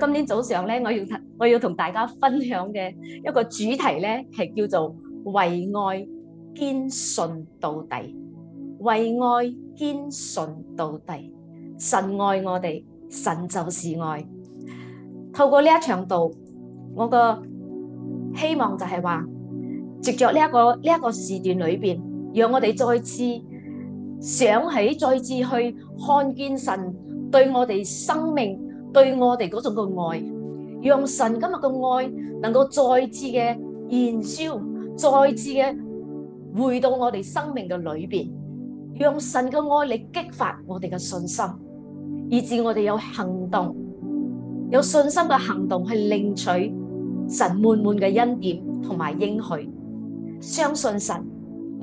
今天早上咧，我要我要同大家分享嘅一個主題咧，係叫做為愛堅信到底。為愛堅信到底，神愛我哋，神就是愛。透過呢一場道，我個希望就係話，藉着呢一個呢一個時段裏邊，讓我哋再次想起，再次去看見神對我哋生命。對我哋嗰種嘅愛，讓神今日嘅愛能夠再次嘅燃燒，再次嘅回到我哋生命嘅裏邊，讓神嘅愛嚟激發我哋嘅信心，以至我哋有行動，有信心嘅行動去領取神滿滿嘅恩典同埋應許。相信神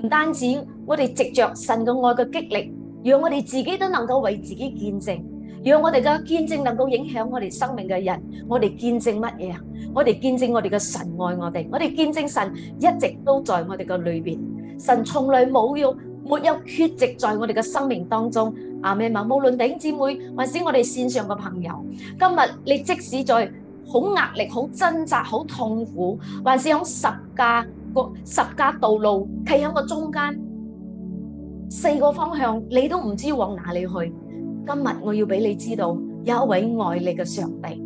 唔單止我哋藉着神嘅愛嘅激勵，讓我哋自己都能夠為自己見證。如果我哋嘅見證能夠影響我哋生命嘅人，我哋見證乜嘢啊？我哋見證我哋嘅神愛我哋，我哋見證神一直都在我哋嘅裏邊，神從來冇要沒有缺席在我哋嘅生命當中。阿們嘛，無論弟兄姊妹還是我哋綫上嘅朋友，今日你即使在好壓力、好掙扎、好痛苦，還是響十架個十架道路企響個中間，四個方向你都唔知往哪裏去。今日我要俾你知道有一位愛你嘅上帝，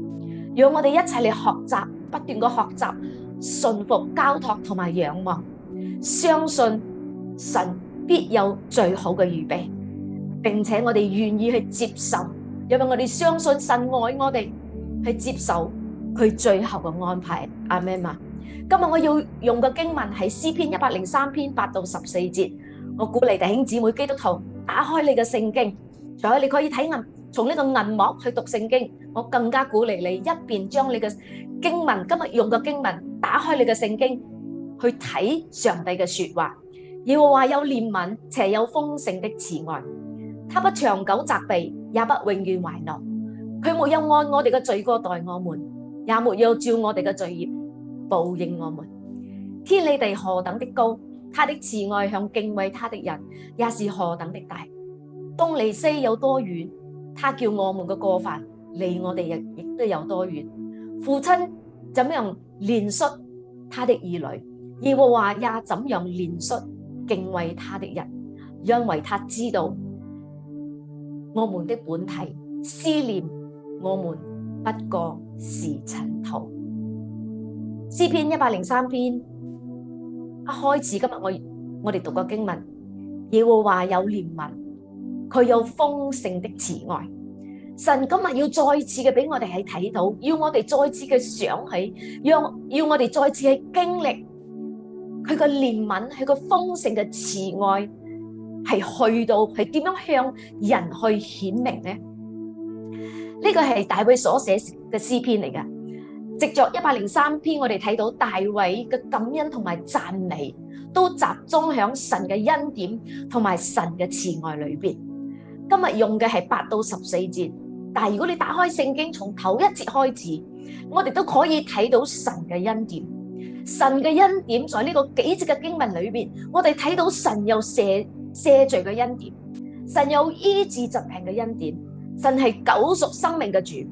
讓我哋一齊嚟學習，不斷嘅學習，順服、交託同埋仰望，相信神必有最好嘅預備，並且我哋願意去接受，因為我哋相信神愛我哋，去接受佢最後嘅安排。阿們，今日我要用嘅經文係詩篇一百零三篇八到十四節，我鼓勵弟兄姊妹基督徒打開你嘅聖經。仲有你可以睇銀，從呢個銀幕去讀聖經，我更加鼓勵你一邊將你嘅經文，今日用嘅經文，打開你嘅聖經去睇上帝嘅說話。耶和華有憐憫，且有豐盛的慈愛，他不長久責備，也不永遠懷怒，佢沒有按我哋嘅罪過待我們，也沒有照我哋嘅罪孽報應我們。天離地何等的高，他的慈愛向敬畏他的人，也是何等的大。東離西有多遠？他叫我們嘅過犯離我哋亦亦都有多遠？父親怎樣憐恤他的兒女？耶和華也怎樣憐恤敬畏他的人？因為他知道我們的本體，思念我們不過是塵土。詩篇一百零三篇一開始，今日我我哋讀嘅經文，耶和華有憐憫。佢有豐盛的慈愛，神今日要再次嘅俾我哋係睇到，要我哋再次嘅想起，要，要我哋再次去經歷佢個憐憫，佢個豐盛嘅慈愛係去到係點樣向人去顯明咧？呢個係大衛所寫嘅詩篇嚟噶，藉着一百零三篇，我哋睇到大衛嘅感恩同埋讚美都集中響神嘅恩典同埋神嘅慈愛裏邊。今日用嘅係八到十四節，但係如果你打開聖經從頭一節開始，我哋都可以睇到神嘅恩典。神嘅恩典在呢個幾節嘅經文裏邊，我哋睇到神有赦赦罪嘅恩典，神有醫治疾病嘅恩典，神係救贖生命嘅主。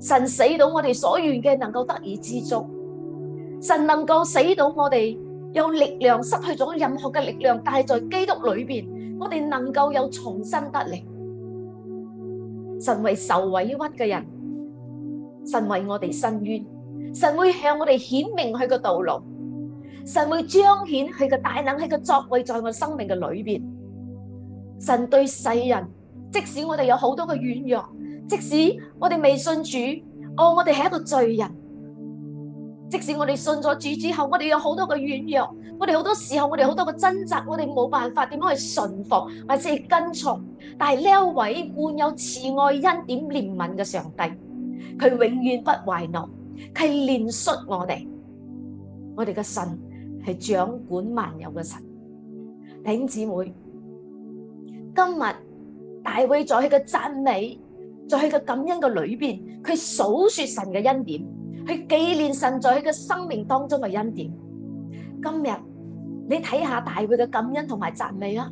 神死到我哋所願嘅能夠得以知足，神能夠死到我哋有力量失去咗任何嘅力量，但係在基督裏邊。我哋能夠有重生得力，神為受委屈嘅人，神為我哋伸冤，神會向我哋顯明佢嘅道路，神會彰顯佢嘅大能，佢嘅作為在我生命嘅裏邊。神對世人，即使我哋有好多嘅軟弱，即使我哋未信主，哦，我哋係一個罪人。即使我哋信咗主之後，我哋有好多嘅軟弱，我哋好多時候，我哋好多嘅掙扎，我哋冇辦法點樣去順服或者去跟從。但係呢一位滿有慈愛、恩典、憐憫嘅上帝，佢永遠不懷怒，佢憐恤我哋。我哋嘅神係掌管萬有嘅神，弟兄姊妹，今日大會在佢嘅讚美，在佢嘅感恩嘅裏邊，佢數說神嘅恩典，去紀念神在佢嘅生命當中嘅恩典。今日你睇下大佢嘅感恩同埋讚美啊！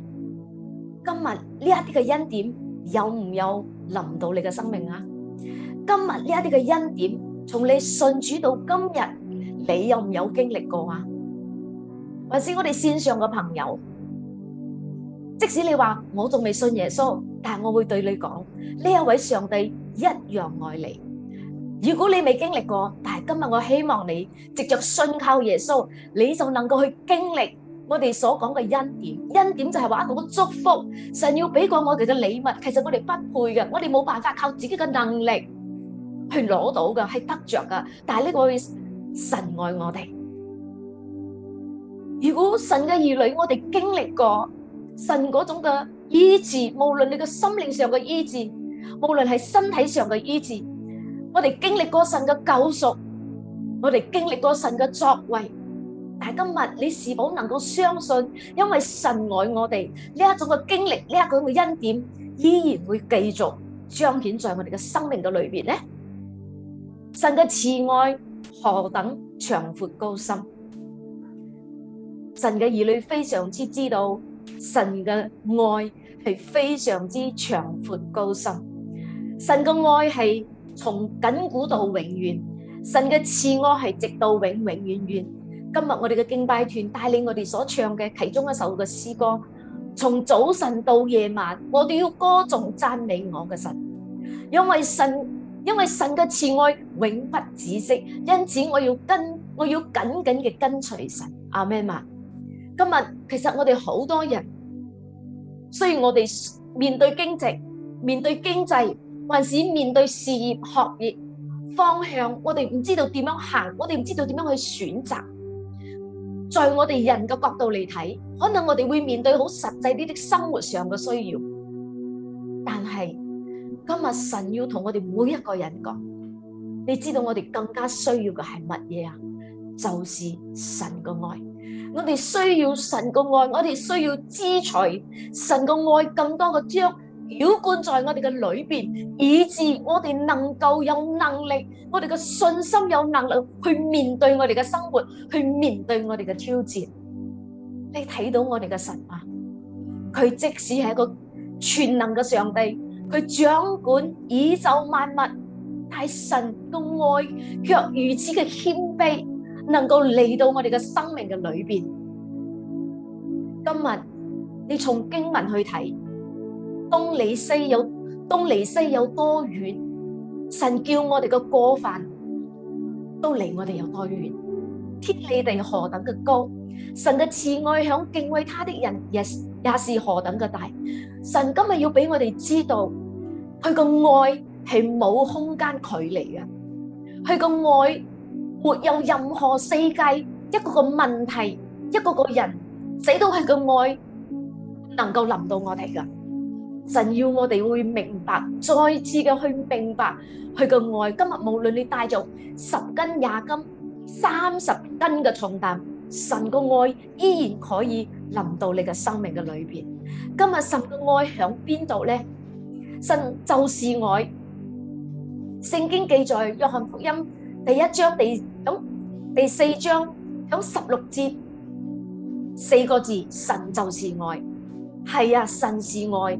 今日呢一啲嘅恩典有唔有臨到你嘅生命啊？今日呢一啲嘅恩典，從你信主到今日，你有唔有經歷過啊？還是我哋綫上嘅朋友，即使你話我仲未信耶穌，但係我會對你講，呢一位上帝一樣愛你。如果你未經歷過，但係今日我希望你直接信靠耶穌，你就能夠去經歷我哋所講嘅恩典。恩典就係話我嘅祝福，神要俾過我哋嘅禮物，其實我哋不配嘅，我哋冇辦法靠自己嘅能力去攞到嘅，係得着嘅。但係呢個神愛我哋。如果神嘅兒女，我哋經歷過神嗰種嘅醫治，無論你嘅心靈上嘅醫治，無論係身體上嘅醫治。我哋經歷過神嘅救贖，我哋經歷過神嘅作為，但係今日你是否能夠相信？因為神愛我哋，呢一種嘅經歷，呢一種嘅恩典，依然會繼續彰顯在我哋嘅生命嘅裏邊呢？神嘅慈愛何等長闊高深？神嘅兒女非常之知道，神嘅愛係非常之長闊高深。神嘅愛係。從緊古到永遠，神嘅慈愛係直到永永永遠，遠。今日我哋嘅敬拜團帶領我哋所唱嘅其中一首嘅詩歌，從早晨到夜晚，我哋要歌頌讚美我嘅神，因為神因為神嘅慈愛永不止息，因此我要跟我要緊緊嘅跟隨神。阿媽咪，今日其實我哋好多人，雖然我哋面對經濟面對經濟。還是面對事業、學業方向，我哋唔知道點樣行，我哋唔知道點樣去選擇。在我哋人嘅角度嚟睇，可能我哋會面對好實際啲嘅生活上嘅需要。但係今日神要同我哋每一個人講，你知道我哋更加需要嘅係乜嘢啊？就是神嘅愛，我哋需要神嘅愛，我哋需要支取神嘅愛，更多嘅將。澆灌在我哋嘅裏邊，以致我哋能夠有能力，我哋嘅信心有能力去面對我哋嘅生活，去面對我哋嘅挑戰。你睇到我哋嘅神啊，佢即使係一個全能嘅上帝，佢掌管宇宙萬物，但係神嘅愛卻如此嘅謙卑，能夠嚟到我哋嘅生命嘅裏邊。今日你從經文去睇。東離西有，東離西有多遠？神叫我哋嘅過犯都離我哋有多遠？天離地何等嘅高？神嘅慈愛響敬畏他的人，也也是何等嘅大。神今日要俾我哋知道，佢個愛係冇空間距離嘅，佢個愛沒有任何世界一個個問題一個個人，使到佢嘅愛唔能夠臨到我哋㗎。神要我哋會明白，再次嘅去明白佢嘅愛。今日無論你帶咗十斤、廿斤、三十斤嘅重擔，神個愛依然可以臨到你嘅生命嘅裏邊。今日神嘅愛響邊度咧？神就是愛。聖經記載《約翰福音》第一章第咁第四章響十六節，四個字：神就是愛。係啊，神是愛。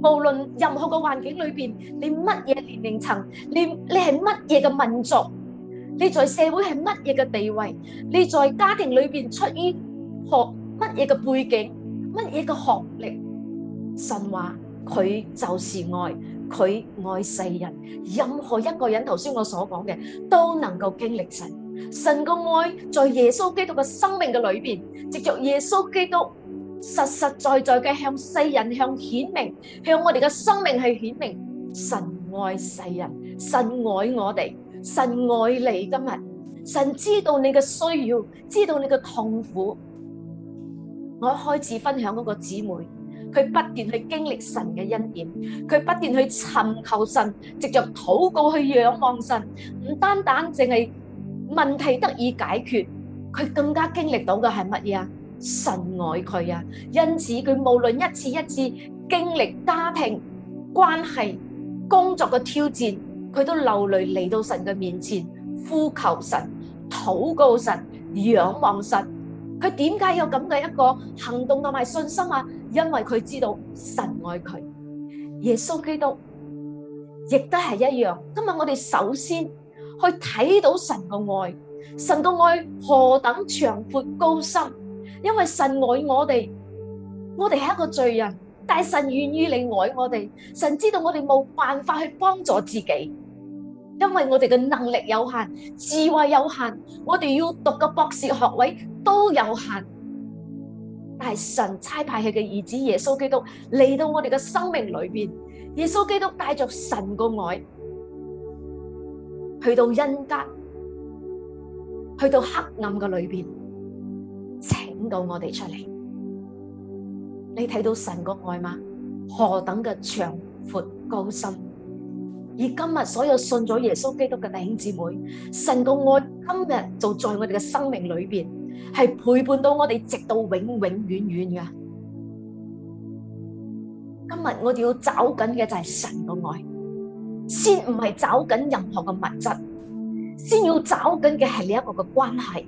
無論任何個環境裏邊，你乜嘢年齡層，你你係乜嘢嘅民族，你在社會係乜嘢嘅地位，你在家庭裏邊出於學乜嘢嘅背景，乜嘢嘅學歷，神話佢就是愛，佢愛世人，任何一個人頭先我所講嘅都能夠經歷神，神個愛在耶穌基督嘅生命嘅裏邊，藉着耶穌基督。實實在在嘅向世人向顯明，向我哋嘅生命去顯明神愛世人，神愛我哋，神愛你今日，神知道你嘅需要，知道你嘅痛苦。我開始分享嗰個姊妹，佢不斷去經歷神嘅恩典，佢不斷去尋求神，藉着禱告去仰望神。唔單單淨係問題得以解決，佢更加經歷到嘅係乜嘢啊？神愛佢啊，因此佢無論一次一次經歷家庭關係、工作嘅挑戰，佢都流淚嚟到神嘅面前，呼求神、禱告神、仰望神。佢點解有咁嘅一個行動同埋信心啊？因為佢知道神愛佢。耶穌基督亦都係一樣。今日我哋首先去睇到神嘅愛，神嘅愛何等長闊高深。因為神愛我哋，我哋係一個罪人，但係神願意你愛我哋。神知道我哋冇辦法去幫助自己，因為我哋嘅能力有限，智慧有限，我哋要讀嘅博士學位都有限。但係神差派佢嘅兒子耶穌基督嚟到我哋嘅生命裏邊，耶穌基督帶着神個愛，去到恩格，去到黑暗嘅裏邊。引導我哋出嚟，你睇到神個愛嗎？何等嘅長闊高深！而今日所有信咗耶穌基督嘅弟兄姊妹，神個愛今日就在我哋嘅生命裏邊，係陪伴到我哋直到永永遠遠嘅。今日我哋要找緊嘅就係神個愛，先唔係找緊任何嘅物質，先要找緊嘅係你一個嘅關係。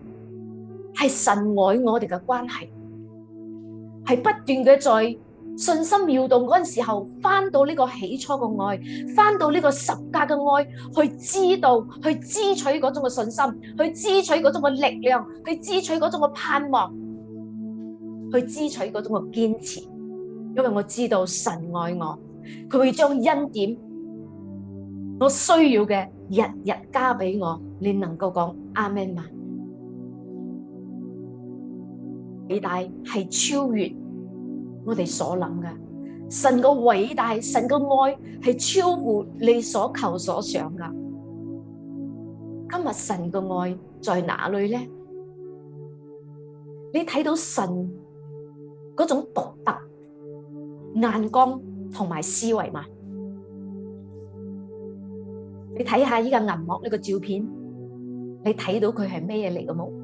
係神愛我哋嘅關係，係不斷嘅在信心妙動嗰陣時候，翻到呢個起初嘅愛，翻到呢個十架嘅愛，去知道去支取嗰種嘅信心，去支取嗰種嘅力量，去支取嗰種嘅盼望，去支取嗰種嘅堅持。因為我知道神愛我，佢會將恩典我需要嘅日日加俾我。你能夠講阿門嗎？偉大係超越我哋所諗嘅，神個偉大，神個愛係超越你所求所想噶。今日神個愛在哪裡咧？你睇到神嗰種獨特眼光同埋思維嘛？你睇下依個銀幕呢個照片，你睇到佢係咩嘢嚟嘅冇？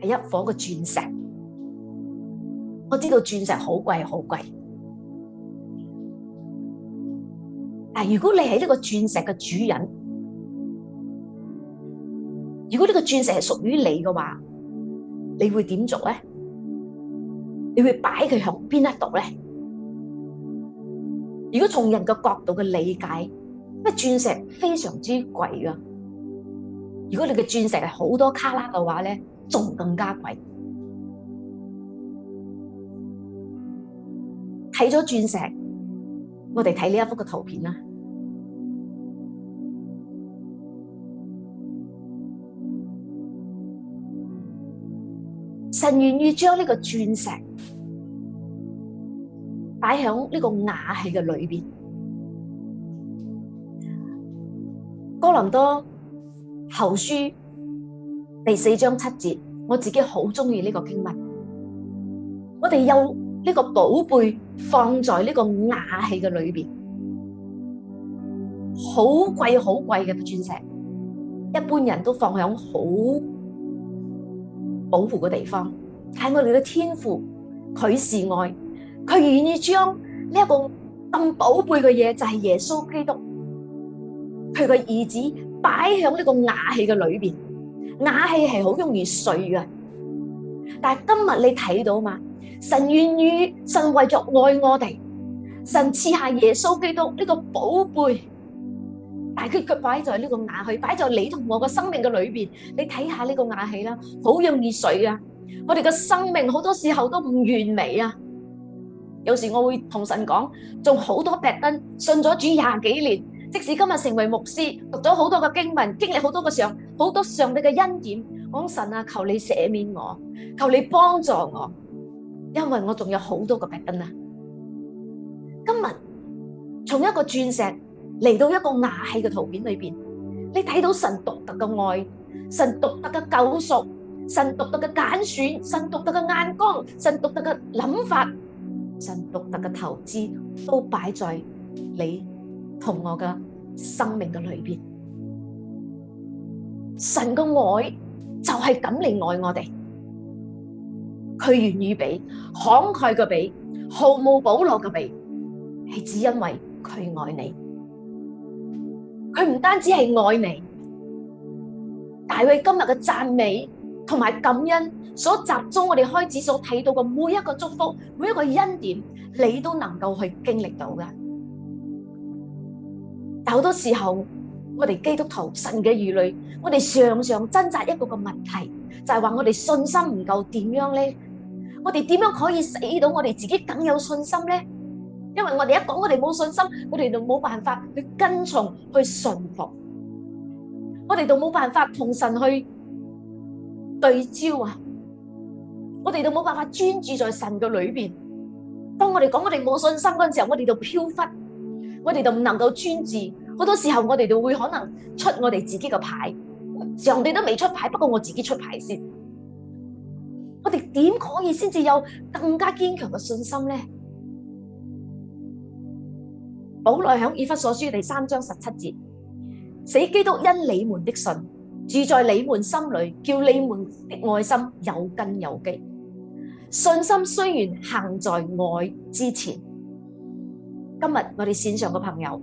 係一房嘅鑽石，我知道鑽石好貴好貴。但如果你係呢個鑽石嘅主人，如果呢個鑽石係屬於你嘅話，你會點做呢？你會擺佢喺邊一度呢？如果從人嘅角度嘅理解，因為，鑽石非常之貴㗎。如果你嘅鑽石係好多卡拉嘅話仲更加貴，睇咗鑽石，我哋睇呢一幅嘅圖片啦。神願意將呢個鑽石擺喺呢個瓦器嘅裏面。哥林多後書。第四章七節，我自己好中意呢個經文。我哋有呢個寶貝放在呢個瓦器嘅裏邊，好貴好貴嘅鑽石，一般人都放響好保護嘅地方。但我哋嘅天父，佢是愛，佢願意將呢一個咁寶貝嘅嘢，就係耶穌基督，佢嘅兒子擺響呢個瓦器嘅裏邊。瓦器係好容易碎嘅，但係今日你睇到嘛？神願意，神為咗愛我哋，神賜下耶穌基督呢個寶貝，但係佢腳擺在呢個瓦器，擺在你同我嘅生命嘅裏邊。你睇下呢個瓦器啦，好容易碎啊！我哋嘅生命好多時候都唔完美啊！有時我會同神講，仲好多劈燈，信咗主廿幾年，即使今日成為牧師，讀咗好多嘅經文，經歷好多個時候。」好多上帝嘅恩典，講神啊，求你赦免我，求你幫助我，因為我仲有好多個病根啊！今日從一個鑽石嚟到一個瓦器嘅圖片裏邊，你睇到神獨特嘅愛，神獨特嘅救贖，神獨特嘅揀選，神獨特嘅眼光，神獨特嘅諗法，神獨特嘅投資，都擺在你同我嘅生命嘅裏邊。神嘅愛就係咁樣愛我哋，佢願意俾慷慨嘅俾，毫無保留嘅俾，係只因為佢愛你。佢唔單止係愛你，大衛今日嘅讚美同埋感恩所集中，我哋開始所睇到嘅每一個祝福，每一個恩典，你都能夠去經歷到噶。有好多時候。我哋基督徒，神嘅兒女，我哋常常掙扎一個個問題，就係話我哋信心唔夠點樣咧？我哋點樣可以使到我哋自己更有信心咧？因為我哋一講我哋冇信心，我哋就冇辦法去跟從去順服，我哋就冇辦法同神去對焦啊！我哋就冇辦法專注在神嘅裏邊。當我哋講我哋冇信心嗰陣時候，我哋就飄忽，我哋就唔能夠專注。好多時候我哋就會可能出我哋自己嘅牌，上帝都未出牌，不過我自己出牌先。我哋點可以先至有更加堅強嘅信心呢？保羅喺以弗所書第三章十七節：使基督因你們的信，住在你們心裏，叫你們的愛心有根有基。信心雖然行在愛之前，今日我哋線上嘅朋友。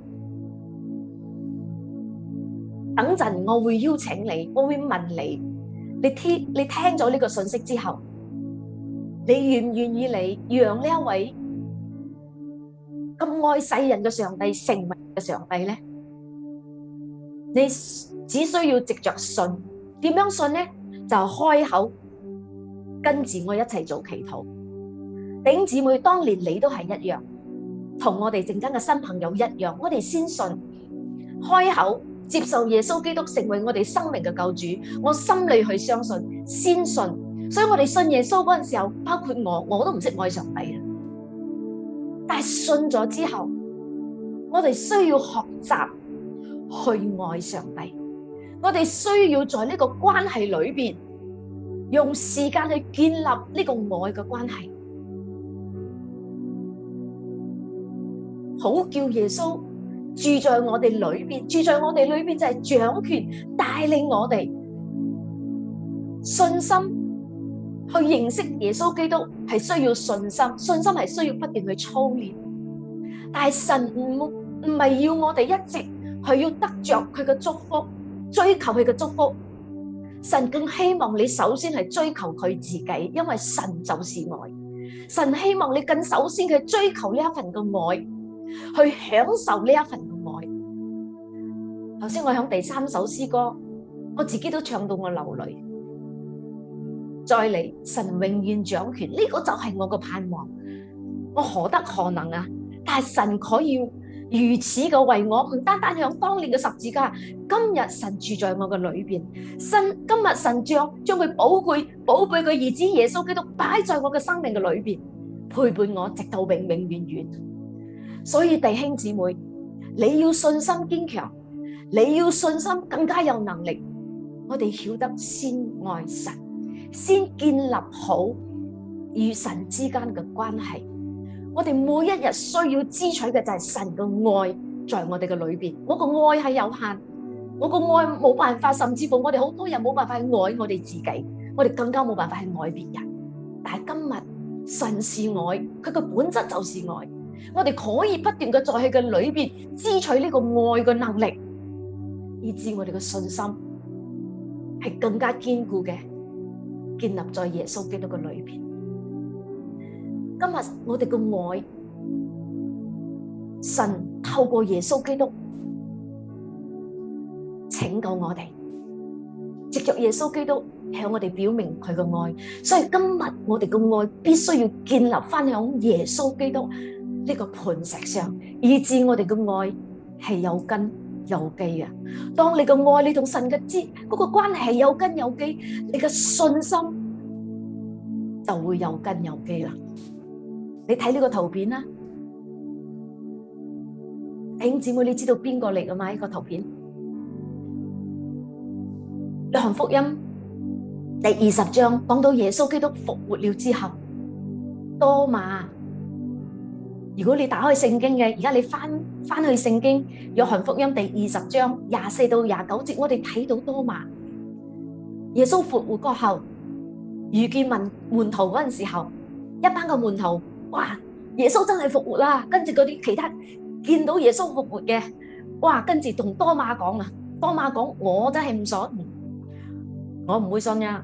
等陣我會邀請你，我會問你，你聽你聽咗呢個信息之後，你願唔願意你讓呢一位咁愛世人嘅上帝成為你嘅上帝咧？你只需要藉着信，點樣信咧？就開口跟住我一齊做祈禱。頂姊妹，當年你都係一樣，同我哋陣間嘅新朋友一樣，我哋先信，開口。接受耶穌基督成為我哋生命嘅救主，我心裏去相信，先信。所以我哋信耶穌嗰陣時候，包括我我都唔識愛上帝啊。但係信咗之後，我哋需要學習去愛上帝，我哋需要在呢個關係裏邊用時間去建立呢個愛嘅關係，好叫耶穌，住在我哋裏邊，住在我哋裏邊就係掌權帶領我哋信心，去認識耶穌基督係需要信心，信心係需要不斷去操練。但係神唔唔係要我哋一直去要得着佢嘅祝福，追求佢嘅祝福。神更希望你首先係追求佢自己，因為神就是愛。神希望你更首先去追求呢一份嘅愛。去享受呢一份愛。頭先我響第三首詩歌，我自己都唱到我流淚。再嚟，神永遠掌權，呢、這個就係我嘅盼望。我何德何能啊？但係神可以如此嘅為我，唔單單響當年嘅十字架，今日神住在我嘅裏邊，今今日神將將佢寶貴寶貴嘅兒子耶穌基督擺在我嘅生命嘅裏邊，陪伴我直到永永遠遠。所以弟兄姊妹，你要信心堅強，你要信心更加有能力。我哋曉得先愛神，先建立好與神之間嘅關係。我哋每一日需要支取嘅就係神嘅愛，在我哋嘅裏邊。我個愛係有限，我個愛冇辦法，甚至乎我哋好多人冇辦法去愛我哋自己，我哋更加冇辦法去愛別人。但係今日神是愛，佢嘅本質就是愛。我哋可以不斷嘅再去佢裏邊汲取呢個愛嘅能力，以致我哋嘅信心係更加堅固嘅，建立在耶穌基督嘅裏邊。今日我哋嘅愛神透過耶穌基督拯救我哋，藉着耶穌基督向我哋表明佢嘅愛，所以今日我哋嘅愛必須要建立翻響耶穌基督。呢個磐石上，以致我哋嘅愛係有根有基嘅。當你嘅愛，你同神嘅之嗰個關係有根有基，你嘅信心就會有根有基啦。你睇呢個圖片啦，弟兄姊妹，你知道邊個嚟啊嘛？呢個圖片《約翰福音》第二十章講到耶穌基督復活了之後，多馬。如果你打開聖經嘅，而家你翻翻去聖經《約翰福音》第二十章廿四到廿九節，我哋睇到多馬，耶穌復活過後，遇見門門徒嗰陣時候，一班個門徒，哇！耶穌真係復活啦！跟住嗰啲其他見到耶穌復活嘅，哇！跟住同多馬講啊，多馬講我真係唔信，我唔會信呀，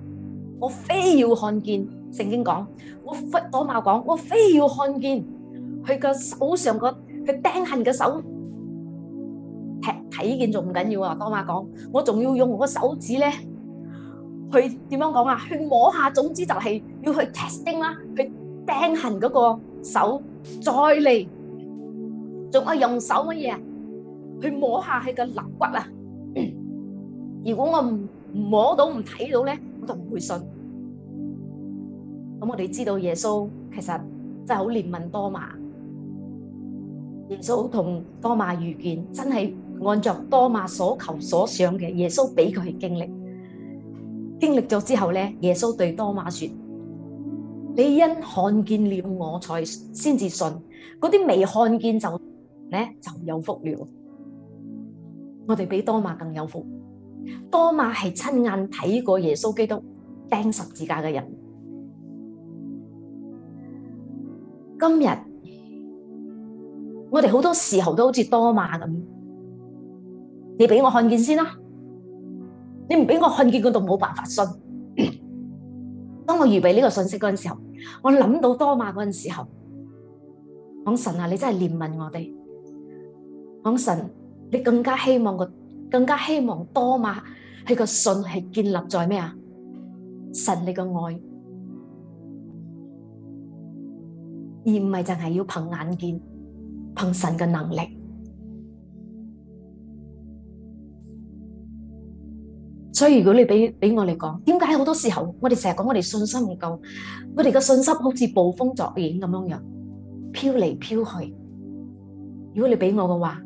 我非要看見。聖經講我，多馬講我非要看見。佢個手上個佢釘痕嘅手，睇睇見仲唔緊要啊？多瑪講，我仲要用我手指咧，去點樣講啊？去摸下，總之就係要去 testing 啦，去釘痕嗰個手，再嚟，仲係用手乜嘢去摸下佢嘅肋骨啊？如果我唔摸到唔睇到咧，我就唔會信。咁我哋知道耶穌其實真係好憐憫多瑪。耶穌同多馬遇見，真係按照多馬所求所想嘅，耶穌俾佢經歷。經歷咗之後咧，耶穌對多馬說：你因看見了我才先至信，嗰啲未看見就咧就有福了。我哋比多馬更有福，多馬係親眼睇過耶穌基督釘十字架嘅人。今日。我哋好多時候都好似多馬咁，你俾我看見先啦，你唔俾我看見嗰度冇辦法信。當我預備呢個信息嗰陣時候，我諗到多馬嗰陣時候，講神啊，你真係憐憫我哋，講神，你更加希望個更加希望多馬係個信係建立在咩啊？神你個愛，而唔係淨係要憑眼見。憑神嘅能力，所以如果你俾俾我嚟講，點解好多時候我哋成日講我哋信心唔夠，我哋嘅信心好似暴風驟雨咁樣樣飄嚟飄去。如果你俾我嘅話，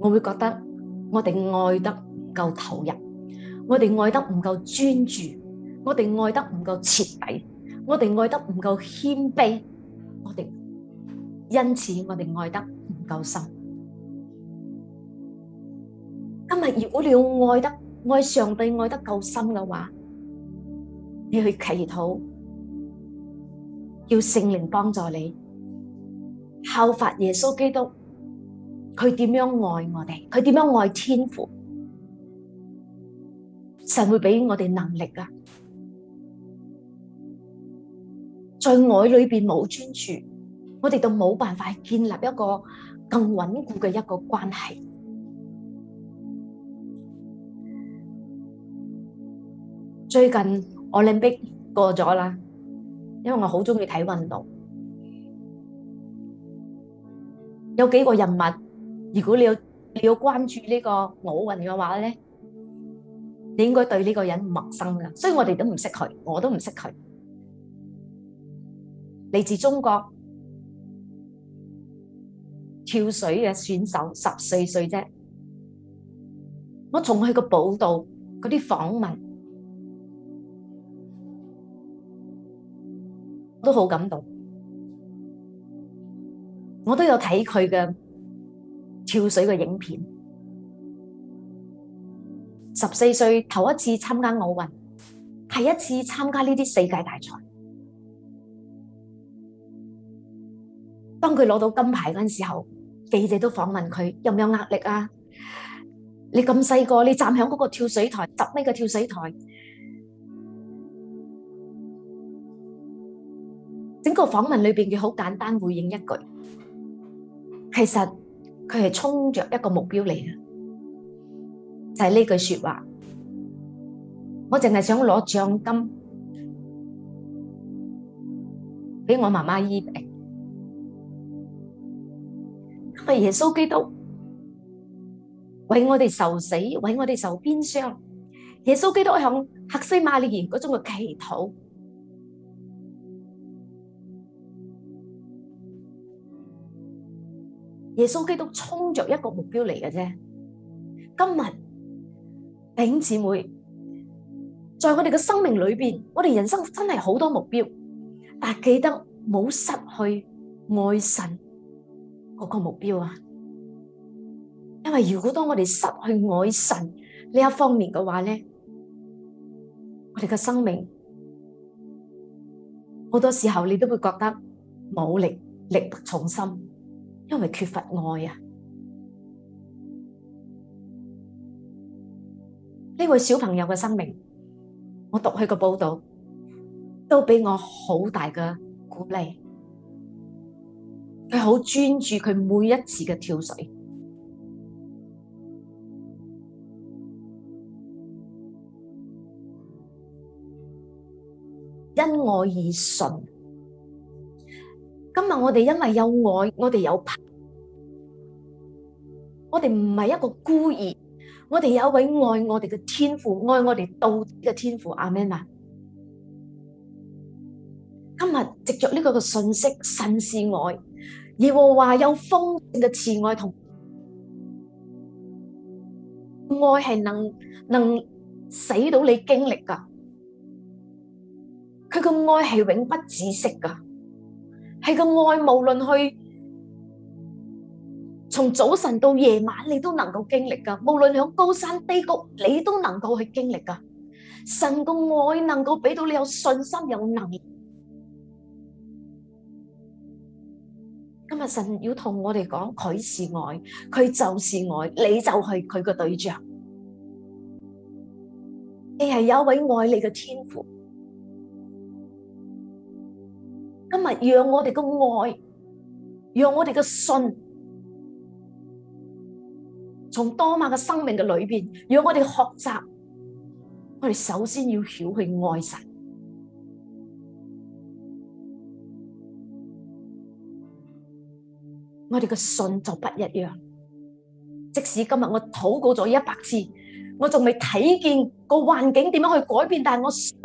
我會覺得我哋愛得唔夠投入，我哋愛得唔夠專注，我哋愛得唔夠徹底，我哋愛得唔夠謙卑，我哋。因此，我哋愛得唔夠深。今日如果你要愛得愛上帝愛得夠深嘅話，你去祈禱，要聖靈幫助你，效法耶穌基督，佢點樣愛我哋？佢點樣愛天父？神會俾我哋能力啊！在愛裏面冇專注。我哋都冇辦法建立一個更穩固嘅一個關係。最近奧林匹克過咗啦，因為我好中意睇運動，有幾個人物，如果你要你要關注呢個奧運嘅話呢，你應該對呢個人陌生噶，所以我哋都唔識佢，我都唔識佢，嚟自中國。跳水嘅選手十四歲啫，我從佢個報道、嗰啲訪問我都好感動，我都有睇佢嘅跳水嘅影片。十四歲頭一次參加奧運，第一次參加呢啲世界大賽。當佢攞到金牌嗰陣時候。記者都訪問佢，有唔有壓力啊？你咁細個，你站響嗰個跳水台，十米嘅跳水台。整個訪問裏邊佢好簡單回應一句，其實佢係衝着一個目標嚟嘅，就係呢句說話，我淨係想攞獎金俾我媽媽醫病。係耶穌基督為我哋受死，為我哋受鞭傷。耶穌基督響黑西馬利亞嗰種嘅祈禱，耶穌基督衝着一個目標嚟嘅啫。今日，弟兄姊妹，在我哋嘅生命裏邊，我哋人生真係好多目標，但係記得冇失去愛神。各個目標啊，因為如果當我哋失去愛神呢一方面嘅話呢，我哋嘅生命好多時候你都會覺得冇力，力不從心，因為缺乏愛啊！呢位小朋友嘅生命，我讀去個報道，都俾我好大嘅鼓勵。佢好專注，佢每一次嘅跳水，因愛而信。今日我哋因為有愛，我哋有盼。我哋唔係一個孤兒，我哋有一位愛我哋嘅天父，愛我哋到底嘅天父。阿們哪，今日藉着呢個嘅信息，神是愛。耶和華有豐盛嘅慈愛同愛係能能使到你經歷噶，佢個愛係永不止息噶，係個愛無論去從早晨到夜晚你都能夠經歷噶，無論響高山低谷你都能夠去經歷噶，神個愛能夠俾到你有信心有能力。今日神要同我哋講，佢是愛，佢就是愛，你就係佢個對象。你係有一位愛你嘅天父。今日讓我哋個愛，讓我哋嘅信，從多瑪嘅生命嘅裏邊，讓我哋學習。我哋首先要曉去愛神。我哋嘅信就不一樣。即使今日我禱告咗一百次，我仲未睇見個環境點樣去改變，但係我信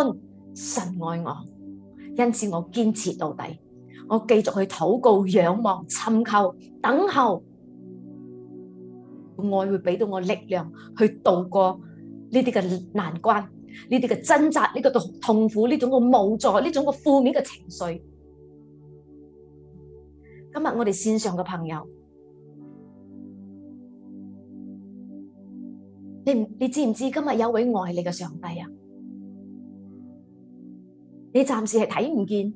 神愛我，因此我堅持到底，我繼續去禱告、仰望、尋求、等候，愛會俾到我力量去度過呢啲嘅難關、呢啲嘅掙扎、呢個痛苦、呢種嘅無助、呢種嘅負面嘅情緒。今日我哋線上嘅朋友，你唔你知唔知今日有位愛你嘅上帝啊？你暫時係睇唔見，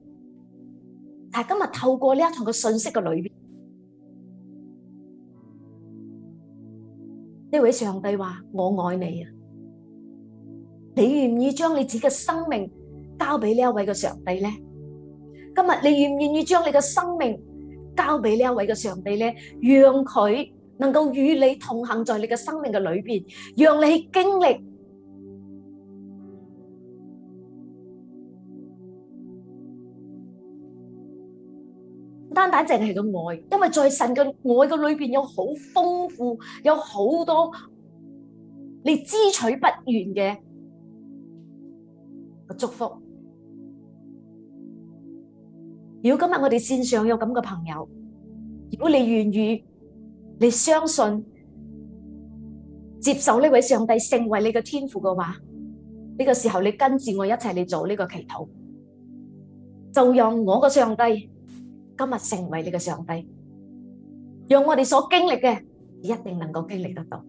但係今日透過呢一堂嘅信息嘅裏邊，呢位上帝話我愛你啊！你願意將你自己嘅生命交俾呢一位嘅上帝咧？今日你願唔願意將你嘅生命？交俾呢一位嘅上帝咧，讓佢能夠與你同行在你嘅生命嘅裏面，讓你經歷，單單淨係個愛，因為在神嘅愛嘅裏面有好豐富，有好多你支取不完嘅嘅祝福。如果今日我哋線上有咁嘅朋友，如果你願意，你相信，接受呢位上帝成為你嘅天父嘅話，呢個時候你跟住我一齊嚟做呢個祈禱，就讓我嘅上帝今日成為你嘅上帝，讓我哋所經歷嘅一定能夠經歷得到。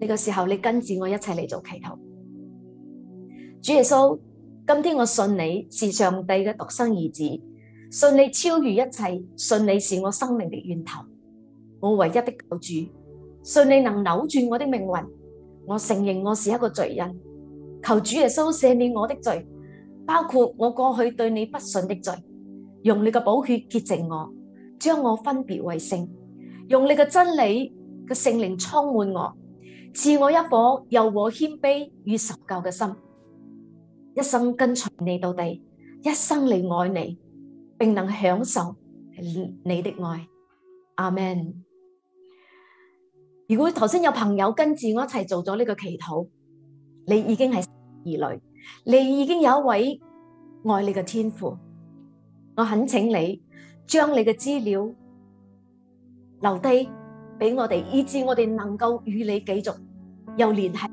呢個時候你跟住我一齊嚟做祈禱，主耶穌。今天我信你是上帝嘅獨生兒子，信你超越一切，信你是我生命的源頭，我唯一的救主，信你能扭轉我的命運。我承認我是一個罪人，求主耶穌赦免我的罪，包括我過去對你不信的罪，用你嘅寶血潔淨我，將我分別為聖，用你嘅真理嘅聖靈充滿我，賜我一顆柔和謙卑與受教嘅心。一生跟隨你到底，一生嚟愛你，並能享受你的愛。阿門。如果頭先有朋友跟住我一齊做咗呢個祈禱，你已經係神嘅兒女，你已經有一位愛你嘅天父。我懇請你將你嘅資料留低，畀我哋以至我哋能夠與你繼續又聯繫，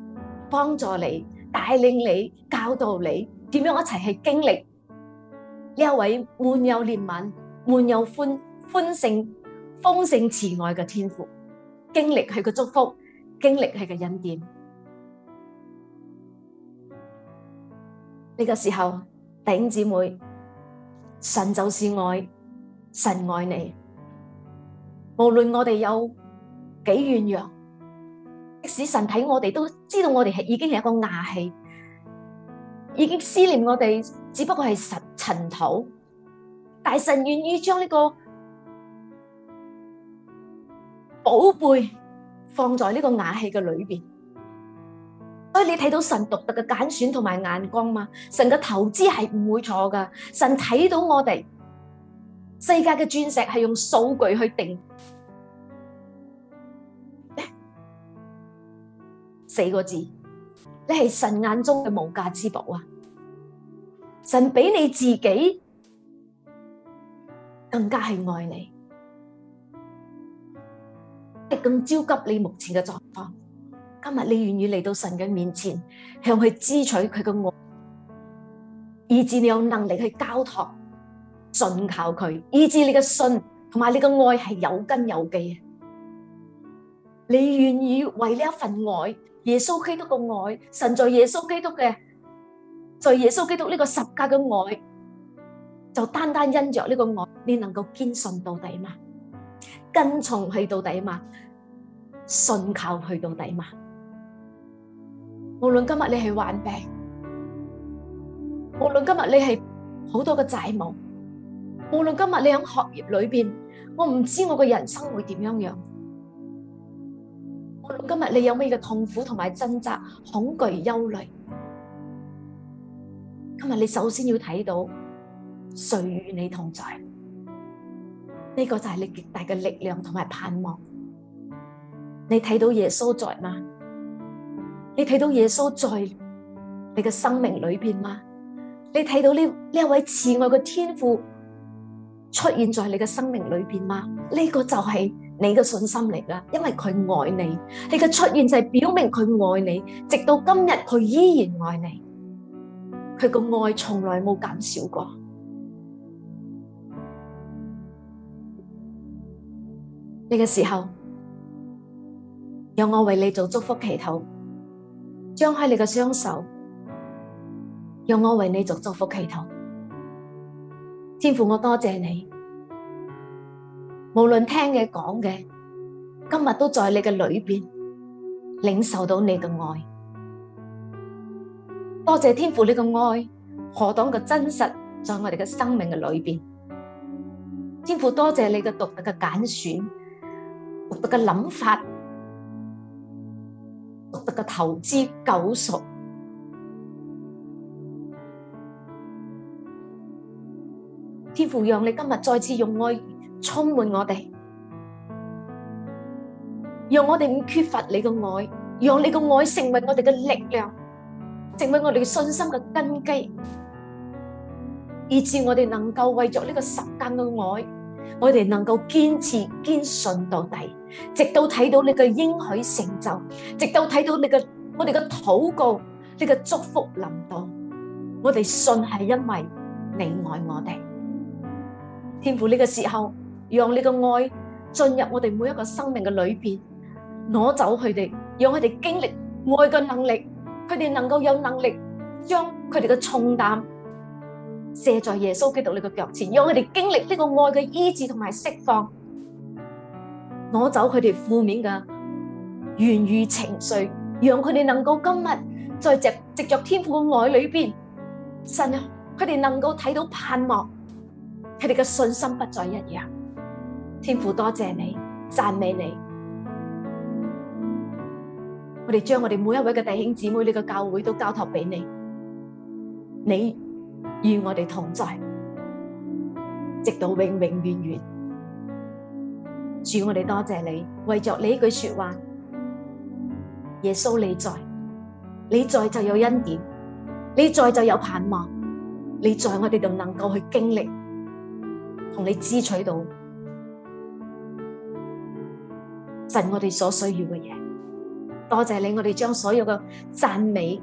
幫助你。帶領你教導你點樣一齊去經歷呢一位滿有憐憫、滿有歡歡盛、豐盛慈愛嘅天父，經歷佢嘅祝福，經歷佢嘅恩典。呢個時候，弟兄姊妹，神就是愛，神愛你，無論我哋有幾遠揚。即使神睇我哋都知道我哋係已經係一個瓦器，已經思念我哋，只不過係實塵土。大神願意將呢個寶貝放在呢個瓦器嘅裏邊，所以你睇到神獨特嘅揀選同埋眼光嘛？神嘅投資係唔會錯噶，神睇到我哋世界嘅鑽石係用數據去定。四個字，你係神眼中嘅無價之寶啊！神比你自己更加係愛你，亦更焦急你目前嘅狀況。今日你願意嚟到神嘅面前，向佢支取佢嘅愛，以至你有能力去交託、信靠佢，以至你嘅信同埋你嘅愛係有根有基啊！你願意為呢一份愛？耶穌基督個愛，神在耶穌基督嘅，在耶穌基督呢個十架嘅愛，就單單因着呢個愛，你能夠堅信到底嘛？跟從去到底嘛？信靠去到底嘛？無論今日你係患病，無論今日你係好多個債務，無論今日你喺學業裏邊，我唔知我嘅人生會點樣樣。今日你有咩嘅痛苦同埋掙扎、恐懼、憂慮？今日你首先要睇到誰與你同在？呢個就係你極大嘅力量同埋盼望。你睇到耶穌在嗎？你睇到耶穌在你嘅生命裏邊嗎？你睇到呢呢一位慈愛嘅天父出現在你嘅生命裏邊嗎？呢個就係。你嘅信心嚟啦，因為佢愛你，你嘅出現就係表明佢愛你，直到今日佢依然愛你，佢個愛從來冇減少過。呢個時候，讓我為你做祝福祈禱，張開你嘅雙手，讓我為你做祝福祈禱。天父，我多謝你。無論聽嘅講嘅，今日都在你嘅裏邊領受到你嘅愛。多謝天父你嘅愛，何等嘅真實，在我哋嘅生命嘅裏邊。天父，多謝你嘅獨特嘅揀選，獨特嘅諗法，獨特嘅投資救贖。天父，讓你今日再次用愛，充滿我哋，讓我哋唔缺乏你嘅愛，讓你嘅愛成為我哋嘅力量，成為我哋信心嘅根基，以致我哋能夠為咗呢個十間嘅愛，我哋能夠堅持堅信到底，直到睇到你嘅應許成就，直到睇到你嘅我哋嘅禱告，你嘅祝福臨到，我哋信係因為你愛我哋，天父呢個時候。讓你嘅愛進入我哋每一個生命嘅裏邊，攞走佢哋，讓佢哋經歷愛嘅能力，佢哋能夠有能力將佢哋嘅重擔卸在耶穌基督你嘅腳前，讓佢哋經歷呢個愛嘅醫治同埋釋放，攞走佢哋負面嘅怨鬱情緒，讓佢哋能夠今日在藉藉著天父嘅愛裏邊，神啊，佢哋能夠睇到盼望，佢哋嘅信心不再一樣。天父多謝你，讚美你，我哋將我哋每一位嘅弟兄姊妹呢個教會都交託俾你，你與我哋同在，直到永永遠遠。主，我哋多謝你，為着你呢句說話，耶穌你在，你在就有恩典，你在就有盼望，你在我哋就能夠去經歷，同你支取到。神，我哋所需要嘅嘢，多謝你，我哋將所有嘅讚美、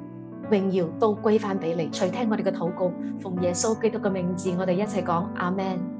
榮耀都歸翻俾你。垂聽我哋嘅禱告，奉耶穌基督嘅名字，我哋一齊講阿門。